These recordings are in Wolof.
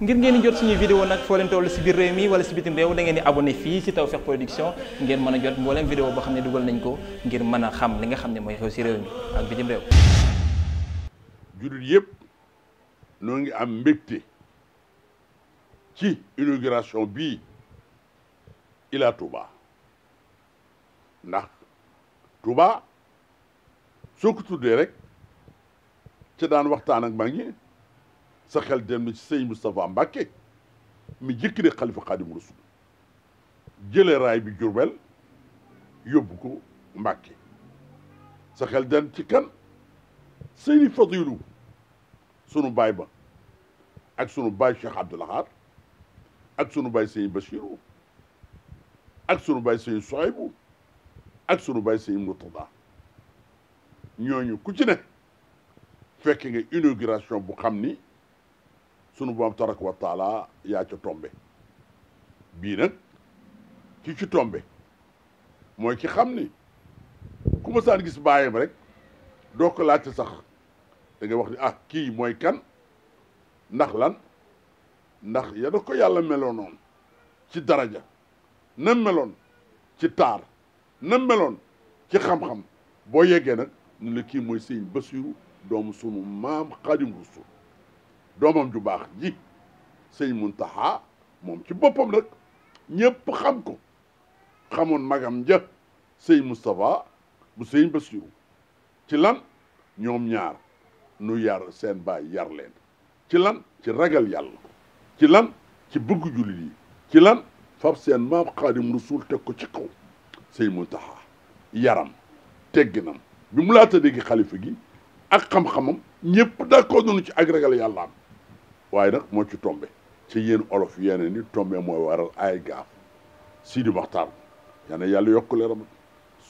ngir ngeen di jot suñuy vidéo nag foo leen toll si biir réew mi wala si bitim réew da ngeen di abonné fii si Tawfekh Production ngeen mën a jot mbooleem vidéo boo xam ne dugal nañ ko ngir mën a xam li nga xam ne mooy xew si réew mi ak bitim réew jullit yëpp noo ngi am mbégte ci inauguration bii Ila Touba ndax Touba soo ko tuddee rek ca daan waxtaan ak mag sa xel dem na ci sëñ Moustapha mi jëkkëre xalifa Xaadimu Rasul jële raay bi Jurbel yóbbu ko Mbacke sa xel dem ci kan sëñ Fadilu sunu baay ba ak sunu baay Cheikh Abdoul ak sunu baay sëñ Bachiru ak sunu baay sëñ Soaybu ak sunu baay sëñ Murtada ñooñu ku ci ne fekk nga inauguration bu xam ni sunu borom tabaraka wa taala yaa ca tombe bii nag ki ci tombe mooy ci xam ni ku ma saan gis bàyyam rek doo ko laajte sax da ngay wax ni ah kii mooy kan ndax lan ndax ya da ko yàlla meloonoon ci daraja na meloon ci taar na meloon ci xam-xam boo yeggee nag ñu la kii mooy sëñ Basiru doomu sunu maam Xaadim Rasuul doomam ju baax ji sëñ Muntaxa moom ci boppam nag ñëpp xam ko xamoon magam njëkk sëñ Moustapha bu sëñ Bassirou ci lan ñoom ñaar nu yar seen baay yar leen ci lan ci ragal yàlla ci lan ci bëgg jullit yi ci lan fab seen maam Xaadim Rasuul teg ko ci kaw sëñ Muntaxa yaram tegginam bi mu laata dégg xalifa gi ak xam-xamam ñëpp d'accord nañu ci ak ragal yàlla am waaye nag moo ci tombe ci yéen olof yeneen ni tombe moo waral ay gaaf Sidi Maxtaar yal na yàlla yokk leeram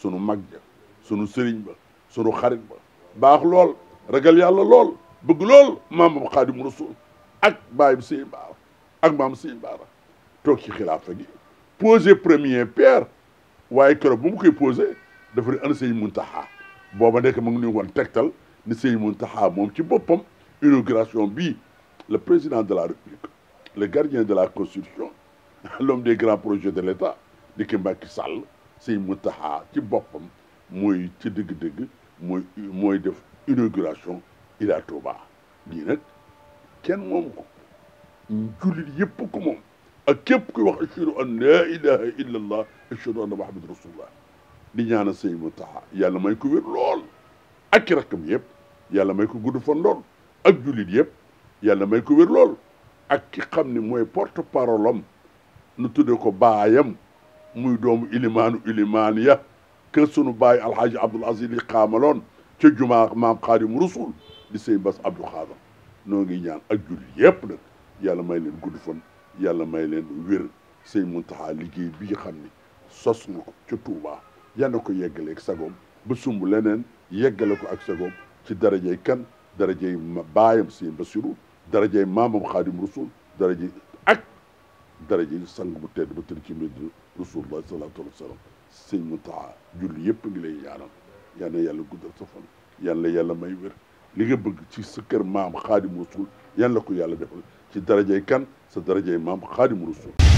sunu mag ja sunu sëriñ ba sunu xarit ba baax lool ragal yàlla lool bëgg lool maam Xaadim Rasul ak baay bi Sëñ Baara ak maam Sëñ Baara toog ci xilaafa gi posé premier pierre waaye keroog bu mu koy posé dafa ne ana Sëñ Muntaxa booba nekk mu ngi nuy woon tegtal ni Sëñ Muntaxa moom ci boppam inauguration bii le président de la République, le gardien de la Constitution, l'homme des grands projets de l'État, di ki Macky Sall Sëñ Mountakha ci boppam mooy ci dëgg-dëgg mooy mooy def inauguration Ila Touba lii nag kenn moom ko jullit yëpp ko moom ak képp kuy wax ashhadu an la ilaha illa allah ashhadu anna muhammad rasulullah di ñaanal Sëñ Mountakha yàlla may ko wér lool ak ki rakkam yëpp yàlla may ko gudd fan lool ak jullit yëpp yàlla may ko wér lool ak ki xam ni mooy porte parolom nu tudde ko baayam muy doomu ilimaanu ilimaan ya kër sunu baay alxaaji abdul aziz li xaamaloon ca jumaa maam xaadim rasul di sëñ bas abdou xaadam noo ngi ñaan ak jullit yépp nag yàlla may leen gudd fan yàlla may leen wér sëñ muntaxaa liggéey bi nga xam ni sos na ko ca tuubaa ko yeggale ak sagoom ba sumb leneen yeggale ko ak sagoom ci darajey kan darajey baayam sëñ basiru darajey maamam xaadim rasul daraje ak daraje sang bu tedd ba tëdd ci mbedd rasulullah sallallahu alayhi wa sallam sëñ Muntaxa julli yëpp ngi lay ñaanal yal na yàlla guddal sa fan may wér li nga ci sa kër maam xaadim rasul yan la ko yàlla defal ci darajey kan sa darajey maam xaadim rasul